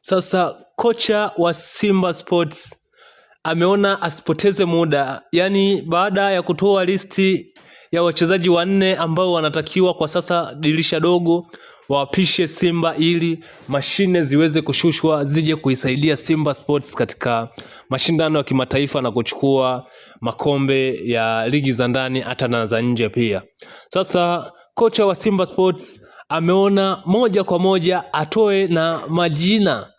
Sasa kocha wa Simba Sports ameona asipoteze muda, yaani baada ya kutoa listi ya wachezaji wanne ambao wanatakiwa kwa sasa dirisha dogo wapishe Simba ili mashine ziweze kushushwa zije kuisaidia Simba Sports katika mashindano ya kimataifa na kuchukua makombe ya ligi za ndani hata na za nje pia. Sasa kocha wa Simba Sports ameona moja kwa moja atoe na majina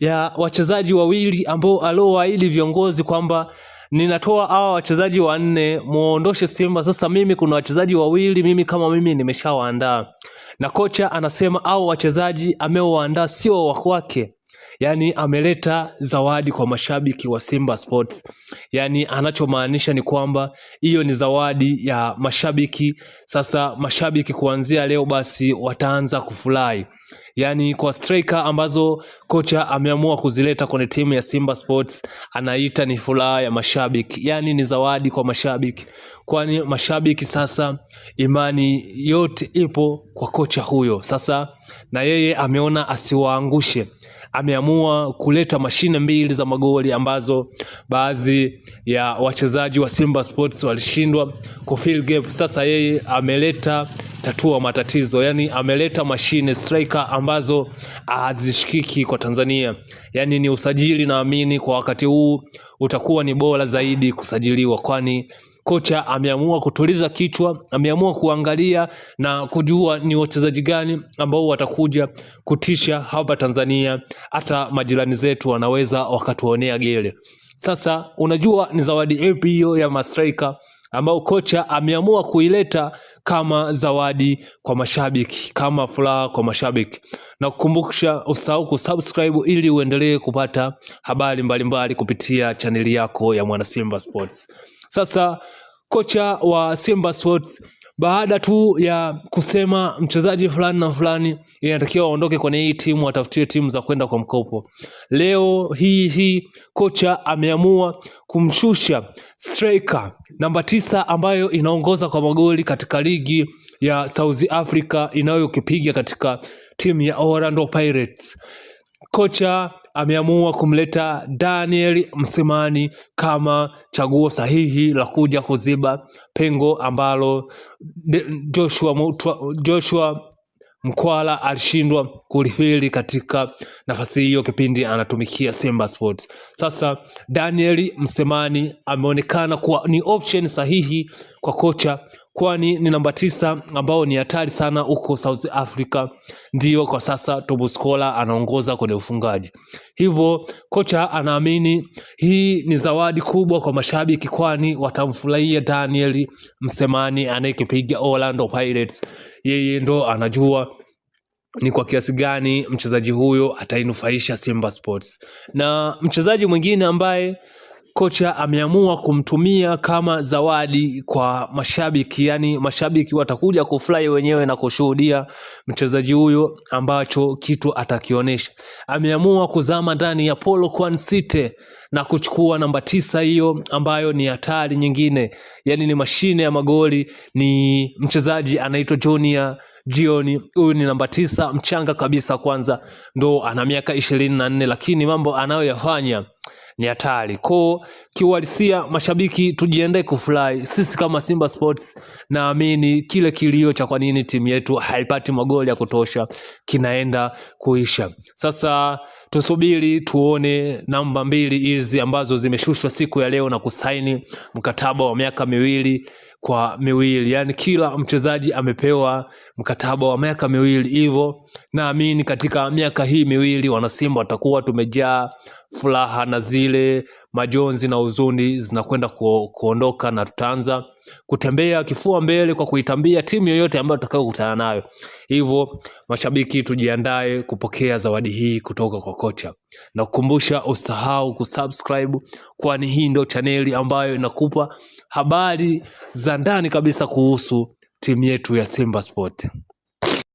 ya wachezaji wawili ambao aliowaahidi viongozi kwamba ninatoa hawa wachezaji wanne muondoshe Simba. Sasa mimi kuna wachezaji wawili, mimi kama mimi nimeshawaandaa, na kocha anasema au wachezaji ameowaandaa sio wa kwake, Yaani ameleta zawadi kwa mashabiki wa Simba Sports. Yaani anachomaanisha ni kwamba hiyo ni zawadi ya mashabiki. Sasa mashabiki kuanzia leo basi wataanza kufurahi. Yaani kwa striker ambazo kocha ameamua kuzileta kwenye timu ya Simba Sports anaita ni furaha ya mashabiki. Yaani ni zawadi kwa mashabiki. Kwani mashabiki sasa imani yote ipo kwa kocha huyo. Sasa na yeye ameona asiwaangushe ameamua kuleta mashine mbili za magoli ambazo baadhi ya wachezaji wa Simba Sports walishindwa kufill gap. Sasa yeye ameleta tatua matatizo, yani ameleta mashine striker ambazo hazishikiki kwa Tanzania. Yani ni usajili, naamini kwa wakati huu utakuwa ni bora zaidi kusajiliwa, kwani kocha ameamua kutuliza kichwa, ameamua kuangalia na kujua ni wachezaji gani ambao watakuja kutisha hapa Tanzania, hata majirani zetu wanaweza wakatuonea gele. Sasa unajua ni zawadi ipi hiyo ya mastrika ambao kocha ameamua kuileta kama zawadi kwa mashabiki, kama furaha kwa mashabiki. Na kukumbusha usahau kusubscribe ili uendelee kupata habari mbalimbali mbali kupitia chaneli yako ya Mwanasimba Sports. Sasa kocha wa Simba Sports baada tu ya kusema mchezaji fulani na fulani inatakiwa aondoke kwenye hii timu, atafutie timu za kwenda kwa mkopo. Leo hii hii kocha ameamua kumshusha striker namba tisa ambayo inaongoza kwa magoli katika ligi ya South Africa inayokipiga katika timu ya Orlando Pirates kocha ameamua kumleta Daniel msemani kama chaguo sahihi la kuja kuziba pengo ambalo Joshua, Mutua, Joshua Mkwala alishindwa kulifili katika nafasi hiyo kipindi anatumikia Simba Sports. Sasa Daniel Msemani ameonekana kuwa ni option sahihi kwa kocha kwani ni namba tisa ambao ni hatari sana huko South Africa. Ndiyo kwa sasa Tobuscola anaongoza kwenye ufungaji, hivyo kocha anaamini hii ni zawadi kubwa kwa mashabiki, kwani watamfurahia Daniel Msemani anayekipiga Orlando Pirates. Yeye ndo anajua ni kwa kiasi gani mchezaji huyo atainufaisha Simba Sports. Na mchezaji mwingine ambaye kocha ameamua kumtumia kama zawadi kwa mashabiki, yani mashabiki watakuja kufurahi wenyewe na kushuhudia mchezaji huyo ambacho kitu atakionyesha. Ameamua kuzama ndani ya Polo City na kuchukua namba tisa hiyo ambayo ni hatari nyingine, yani ni mashine ya magoli. Ni mchezaji anaitwa Junior Jioni, huyu ni namba tisa mchanga kabisa, kwanza ndo ana miaka ishirini na nne, lakini mambo anayoyafanya ni hatari ko kiuhalisia, mashabiki tujiendee kufurahi. Sisi kama Simba Sports, naamini kile kilio cha kwa nini timu yetu haipati magoli ya kutosha kinaenda kuisha. Sasa tusubiri tuone namba mbili hizi ambazo zimeshushwa siku ya leo na kusaini mkataba wa miaka miwili kwa miwili, yani kila mchezaji amepewa mkataba wa miaka miwili. Hivyo naamini katika miaka hii miwili wanasimba watakuwa tumejaa furaha na zile majonzi na huzuni zinakwenda ku, kuondoka na tutaanza kutembea kifua mbele kwa kuitambia timu yoyote ambayo tutakayokutana nayo. Hivyo mashabiki, tujiandae kupokea zawadi hii kutoka kwa kocha, na kukumbusha usahau kusubscribe, kwani hii ndio chaneli ambayo inakupa habari za ndani kabisa kuhusu timu yetu ya Simba Sport.